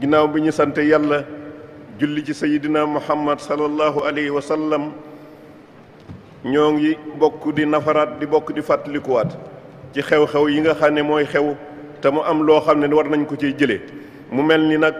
ginnaaw bi ñu sant yàlla julli ci sayidina muhammad sallallahu alayhi wa sallam ñoo ngi bokk di nafaraat di bokk di fàttalikuwaat ci xew-xew yi nga xam ne mooy xew te mu am loo xam ne war nañ ko ciy jëlee mu mel ni nag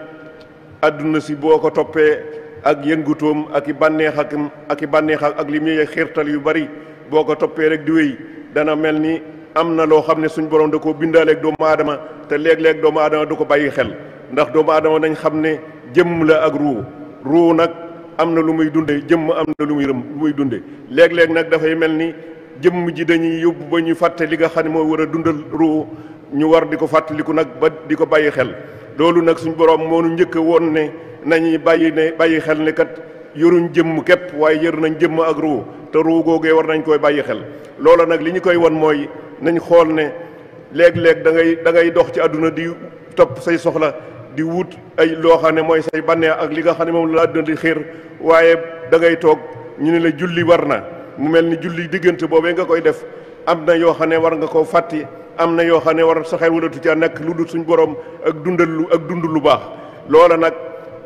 àdduna si boo ko toppee ak yëngutoom ak i bànneex ak ak i bànneex ak li muy xiirtal yu bari boo ko toppee rek di wéy dana mel ni am na loo xam ne suñ borom da koo bindaaleeg doomu aadama te léeg-léeg doomu aadama du ko bàyyi xel ndax doomu aadama nañ xam ne jëmm la ak ruu ruu nag am na lu muy dunde jëmm am na lu muy dunde léeg-léeg nag dafay mel ni jëmm ji dañuy yóbbu ba ñu fàttee li nga xam ne moo war a dundal ruu ñu war di ko fàttaliku nag ba di ko bàyyi xel loolu nag suñ borom moo nu njëkk woon ne nañuy bàyyi ne bàyyi xel ne kat yoruñ jëmm képp waaye yër nañ jëmm ak ruu te ruu googee war nañ koy bàyyi xel loola nag li ñu koy wan mooy nañ xool ne léeg-léeg da ngay da ngay dox ci àdduna di topp say soxla di wut ay loo xam ne mooy say banneex ak li nga xam ne moom la àdduna di xiir waaye dangay toog ñu ne la julli war na mu mel ni julli diggante boobee nga koy def am na yoo xam ne war nga koo fàtti am na yoo xam ne war sa xel wulatu ca nekk lu dul suñu borom ak dundal ak dund lu baax loola nag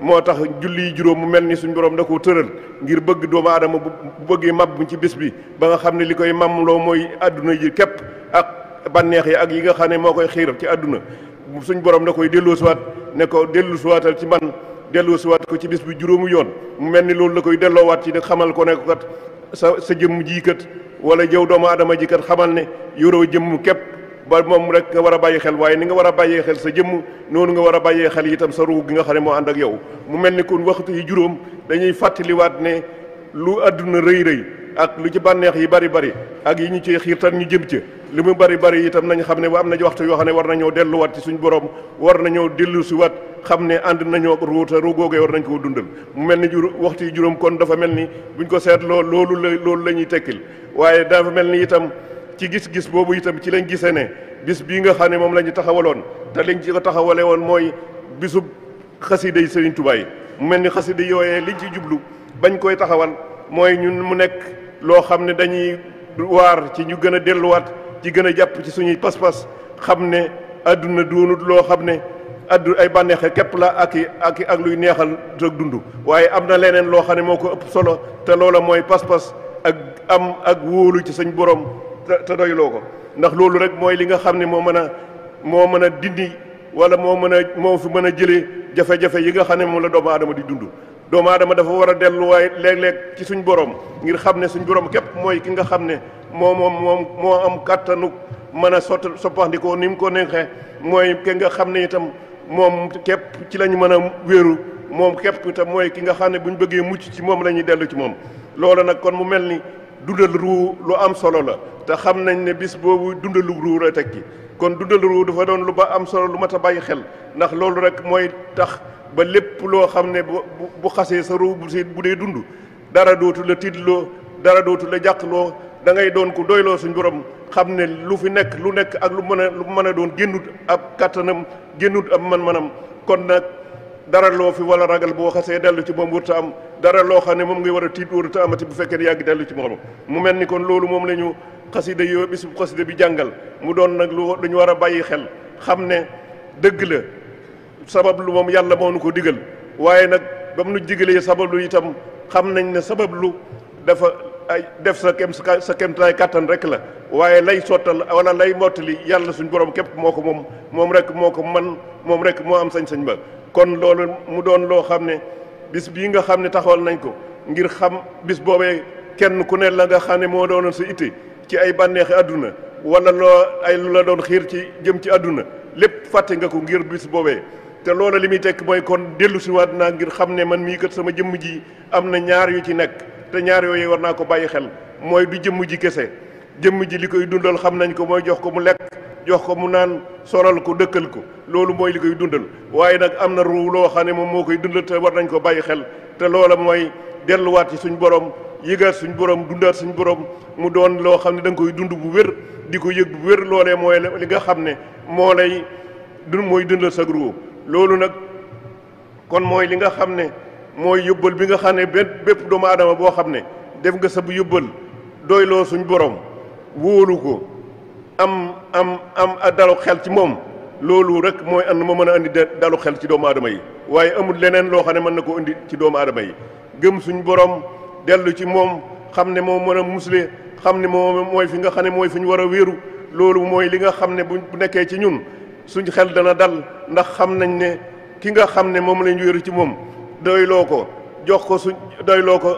moo tax julli yi juróom mu mel ni suñu borom da koo tëral ngir bëgg doomu aadama bu bëggee mab ci bis bi ba nga xam ne li koy mam loo mooy àdduna ji képp ak banneex yi ak yi nga xam ne moo koy xiir ci àdduna suñ borom na koy dellu siwaat ne ko dellu siwaatal ci man dellu siwaat ko ci bis bi juróomu yoon mu mel ni loolu la koy delloowaat ci de xamal ko ne ko sa sa jëmm jii kat wala jëw doomu aadama ji kat xamal ne yoroo jëmm képp ba moom rek nga war a bàyyi xel waaye ni nga war a bàyyee xel sa jëmm noonu nga war a bàyyee xel itam sa ruux gi nga xam ne moo ànd ak yow mu mel ni kon waxtu yi juróom dañuy fàttaliwaat ne lu àdduna rëy rëy ak lu ci bànneex yi bari bari ak yi ñu ci xiirtal ñu jëm ci li mu bari bari itam nañu xam ne am na waxtu yoo xam ne war nañoo delluwaat ci suñu borom war nañoo dellu si waat xam ne ànd nañoo ruuta ruugoogee war nañ koo dundal mu mel ni waxtu yi juróom kon dafa mel ni buñ ko seetloo loolu la loolu la ñuy tekkil waaye dafa mel ni itam ci gis-gis boobu itam ci lañ gisee ne bis bii nga xam ne moom la ñu taxawaloon te liñ ci ko taxawale woon mooy bisub xasida yi Sëriñ Tuubaa yi mel ni xasida yooyee liñ ci jublu bañ koy taxawal mooy ñun mu nekk loo xam ne dañuy waar ci ñu gën a delluwaat ci gën a jàpp ci suñuy pas-pas xam ne àdduna doonut loo xam ne addu ay bànneexe képp la ak i ak ak luy neexal ak dund waaye am na leneen loo xam ne moo ko ëpp solo te loola mooy pas-pas ak am ak wóolu ci suñ borom te doyuloo ko ndax loolu rek mooy li nga xam ne moo mën a moo mën a dindi wala moo mën a moo fi mën a jëlee jafe-jafe yi nga xam ne moom la doomu aadama di dund doomu aadama dafa war a delluwaay léeg-léeg ci suñ borom ngir xam ne suñ borom képp mooy ki nga xam ne moo moom moom moo am kàttanu mën a sotti soppandikoo ni ko neexee mooy ki nga xam ne itam moom képp ci lañ mën a wéeru moom képp itam mooy ki nga xam ne bu ñu bëggee mucc ci moom la ñuy dellu ci moom. loolu nag kon mu mel ni dundal ruu lu am solo la te xam nañ ne bis boobu dundalu ruu la tekki kon dundal ruu dafa doon lu ba am solo lu ma a bàyyi xel ndax loolu rek mooy tax. ba lépp loo xam ne bu bu xasee sa ruu bu si bu dee dund dara dootu la tiitloo dara dootu la jàqloo da ngay doon ku doyloo suñ borom xam ne lu fi nekk lu nekk ak lu mën a lu mën a doon génnut ab kattanam génnut ab man-manam kon nag dara loo fi wala ragal boo xasee dellu ci moom wërta am dara loo xam ne moom ngay war a tiit wërta amati bu fekkee yàgg dellu ci moom mu mel ni kon loolu moom la ñu xasida yoo bis bu xasida bi jàngal mu doon nag lu lu ñu war a bàyyi xel xam ne dëgg la sabab lu moom yàlla moo nu ko digal waaye nag ba mu nu digalee sabab lu itam xam nañ ne sabab lu dafa ay def sa kem sa kemtaay kàttan rek la waaye lay sottal wala lay mottali yàlla suñ borom képp moo ko moom moom rek moo ko man moom rek moo am sañ-sañ ba kon loolu mu doon loo xam ne bis bii nga xam ne taxawal nañ ko ngir xam bis boobee kenn ku ne la nga xam ne moo doonoon sa itte ci ay bànneexi àdduna wala loo ay lu la doon xiir ci jëm ci àdduna lépp fàtte nga ko ngir bis boobee te loola li muy tekk mooy kon dellu si waat naa ngir xam ne man mii kat sama jëmm ji am na ñaar yu ci nekk te ñaar yooyu war naa ko bàyyi xel mooy du jëmm ji kese jëmm ji li koy dundal xam nañ ko mooy jox ko mu lekk jox ko mu naan solal ko dëkkal ko loolu mooy li koy dundal waaye nag am na ruu loo xam ne moom moo koy dundal te war nañ ko bàyyi xel te loola mooy delluwaat ci suñu borom yëgaat suñu borom dundaat suñu borom mu doon loo xam ne da koy dund bu wér di ko yëg wér loolee mooy li nga xam ne moo lay mooy dundal sa loolu nag kon mooy li nga xam ne mooy yóbbal bi nga xam ne bépp bépp doomu aadama boo xam ne def nga sa bu yóbbal doyloo suñ borom wóolu ko am am am dalu xel ci moom loolu rek mooy ànd ma mën a indi dalu xel ci doomu aadama yi waaye amul leneen loo xam ne mën na ko indi ci doomu adama yi gëm suñ borom dellu ci moom xam ne moo mën a musle xam ne moo mooy fi nga xam ne mooy fi ñu war a wéeru loolu mooy li nga xam ne bu nekkee ci ñun suñ xel dana dal ndax xam nañ ne ki nga xam ne moom lañ wéeru ci moom doyloo ko jox ko suñ doyloo ko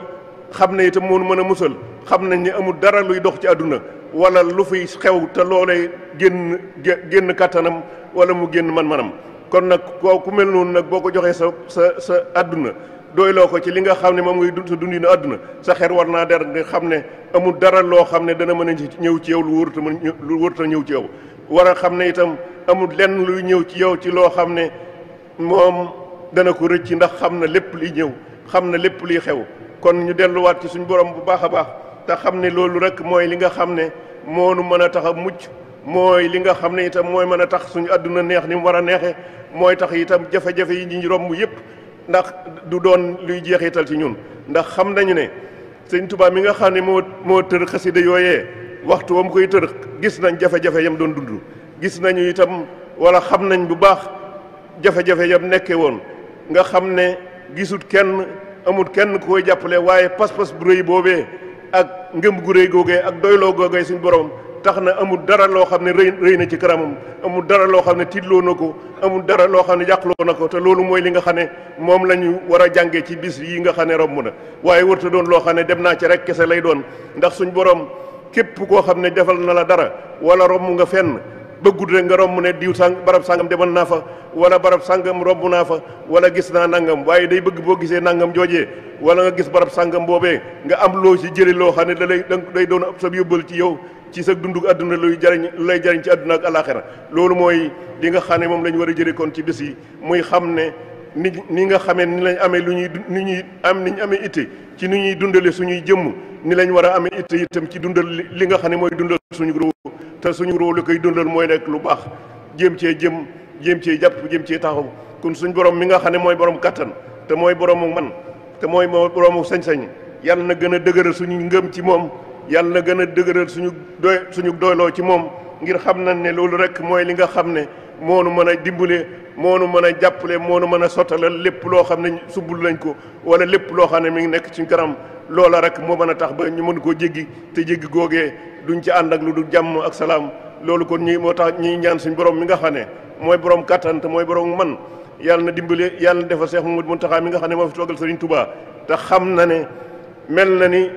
xam ne itam moo mën a musal xam nañ ne amul dara luy dox ci àdduna wala lu fiy xew te loolee génn génn kattanam wala mu génn man-manam kon nag koo ku mel noonu nag boo ko joxee sa sa sa àdduna doyloo ko ci li nga xam ne moom ngay dund sa dundinu àdduna sa xer war naa der nga xam ne amul dara loo xam ne dana mën a ñëw ci yow lu wërta mën lu wërta ñëw ci yow xam ne itam amul lenn luy ñëw ci yow ci loo xam ne moom dana ko rëcc ndax xam na lépp luy ñëw xam na lépp luy xew kon ñu delluwaat ci suñ borom bu baax a baax te xam ne loolu rek mooy li nga xam ne moonu mën a tax a mucc li nga xam ne itam mooy mën a tax suñu àdduna neex ni mu war a neexee mooy tax itam jafe yi ñu romb yépp ndax du doon luy jeexital ci ñun ndax xam nañu ne sëñ Tuubaa mi nga xam ne moo moo tër xasida yooyee waxtu wa mu koy tër gis nañ jafe-jafe yam doon dund gis nañu itam wala xam nañ bu baax jafe-jafe yam nekkee woon nga xam ne gisut kenn amut kenn ku koy jàppale waaye pas-pas bu rëy boobee ak ngëm gu rëy googee ak doyloo googee suñu borom tax na amul dara loo xam ne rëy rëy na ci kanamam amul dara loo xam ne tiitloo na ko amul dara loo xam ne yàqloo na ko te loolu mooy li nga xam ne moom la ñu war a jàngee ci bis yi nga xam ne romb na waaye warta doon loo xam ne dem naa ci rek kese lay doon ndax suñ borom képp koo xam ne defal na la dara wala romb nga fenn ba gudd rek nga romb ne diw sang barab sangam demoon naa fa wala barab sangam romb naa fa wala gis naa nangam waaye day bëgg boo gisee nangam joojee wala nga gis barab sangam boobee nga am loo ci jëli loo xam ne da lay day doon ab sa yóbbal ci yow ci sa dunduk àdduna luy jariñ lay jariñ ci àdduna ak ra loolu mooy li nga xam ne moom lañu war a jëlee kon ci bés yi muy xam ne ni ni nga xamee ni lañ amee lu ñuy ni ñuy am ni ñu amee itte ci ni ñuy dundale suñuy jëmm ni lañ war a amee itte itam ci dundal li nga xam ne mooy dundal suñu groupe te suñu rôle li koy dundal mooy nekk lu baax jéem cee jëm jéem cee jàpp jéem cee taxaw kon suñ borom mi nga xam ne mooy borom kattan te mooy boroomu man te mooy moo boroomu sañ-sañ yàlla na gën a dëgëral suñu ngëm ci moom yàlla na gën a dëgëral suñu doy suñu doyloo ci moom ngir xam na ne loolu rek mooy li nga xam ne moo nu mën a dimbale moo nu mën a jàppale moo nu mën a sottalal lépp loo xam ne subbul lañ ko wala lépp loo xam ne mi ngi nekk ci kanam loola rek moo mën a tax ba ñu mën koo jéggi te jéggi googee duñ ci ànd ak lu du jàmm ak salaam loolu kon ñi moo tax ñuy ñaan suñ borom mi nga xam ne mooy borom kattan mooy borom man yàlla na dimbale yàlla na defal Seex Mamadu Muntaxa mi nga xam ne moo fi toogal Sëriñ Tuubaa te xam na ne mel na ni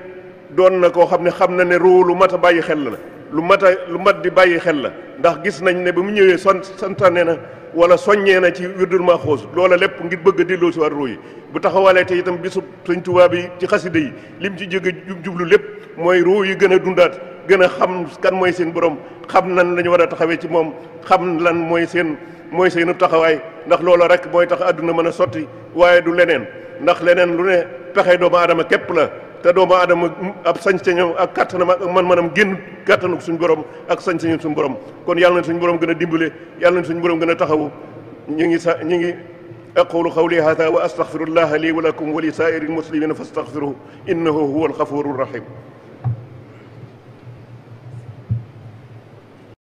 doon na koo xam ne xam na ne r lu mat a bàyyi xel la lu mat lu mat di bàyyi xel la ndax gis nañ ne ba mu ñëwee son santane na wala soññee na ci wirdul maxuus loola lépp ngir bëgg a delloo si war ruu yi bu taxawalee te itam bisub sëñ Tuubaa bi ci xasida yi lim ci jóge jublu lépp mooy ruu yi gën a dundaat gën a xam kan mooy seen borom xam nan lañu war a taxawee ci moom xam lan mooy seen mooy seenu taxawaay ndax loola rek mooy tax àdduna mën a sotti waaye du leneen ndax leneen lu ne pexe doomu aadama képp la te doomu aadama ab sañ-sañam ak kattanam ak man-manam génn kattanu suñu borom ak sañ-sañam suñu borom kon yàlla na suñu borom gën a dimbale yàlla suñu borom gën a taxawu ñu ngi sa ñu ngi aqulu qawli hada wa astaghfirullaha li wa lakum wa li saa'iril muslimina fastaghfiruhu innahu huwal ghafurur rahim